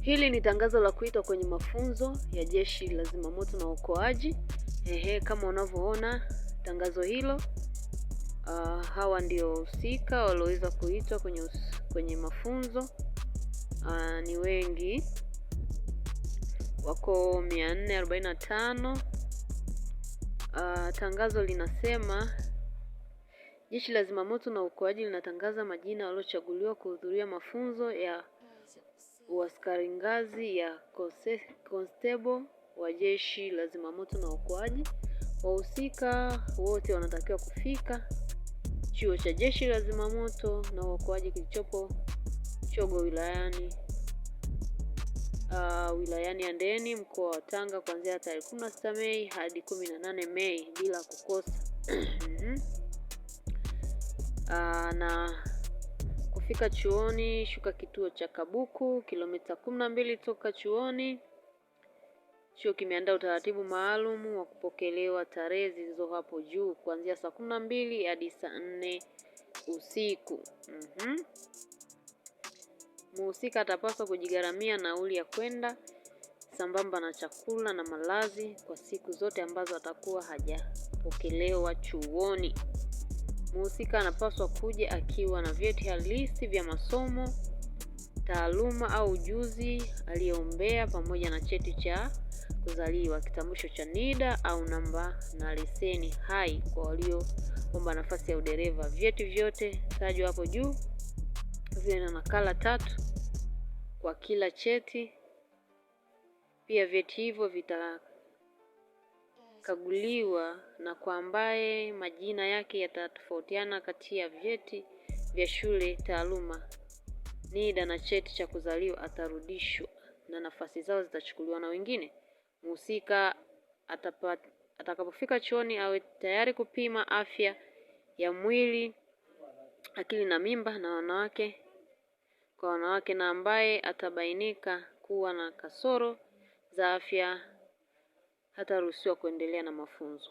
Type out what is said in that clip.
Hili ni tangazo la kuitwa kwenye mafunzo ya jeshi la zimamoto na uokoaji. Ehe, kama unavyoona tangazo hilo. Uh, hawa ndio wahusika walioweza kuitwa kwenye, kwenye mafunzo uh, ni wengi, wako 445. Uh, ah, tangazo linasema jeshi la zimamoto na uokoaji linatangaza majina waliochaguliwa kuhudhuria mafunzo ya askari ngazi ya constable wa jeshi la zimamoto na uokoaji. Wahusika wote wanatakiwa kufika chuo cha jeshi la zimamoto na uokoaji kilichopo Chogo wilayani uh, wilayani Ndeni mkoa wa Tanga kuanzia tarehe 16 Mei hadi 18 Mei bila kukosa. Mm-hmm. uh, na Ukifika chuoni, shuka kituo cha Kabuku, kilomita kumi na mbili toka chuoni. Chuo kimeandaa utaratibu maalum wa kupokelewa tarehe zilizo hapo juu kuanzia saa kumi na mbili hadi saa nne usiku. mm-hmm. Muhusika atapaswa kujigharamia nauli ya kwenda sambamba na chakula na malazi kwa siku zote ambazo atakuwa hajapokelewa chuoni muhusika anapaswa kuja akiwa na vyeti halisi vya masomo, taaluma au ujuzi aliyoombea, pamoja na cheti cha kuzaliwa, kitambulisho cha NIDA au namba na leseni hai kwa walioomba nafasi ya udereva. Vyeti vyote tajwa hapo juu viwe na nakala tatu kwa kila cheti. Pia vyeti hivyo vita atakaguliwa na kwa ambaye majina yake yatatofautiana kati ya vyeti vya shule, taaluma, NIDA na cheti cha kuzaliwa atarudishwa na nafasi zao zitachukuliwa na wengine. Mhusika atakapofika chuoni awe tayari kupima afya ya mwili, akili na mimba na wanawake kwa wanawake, na ambaye atabainika kuwa na kasoro za afya hataruhusiwa kuendelea na mafunzo.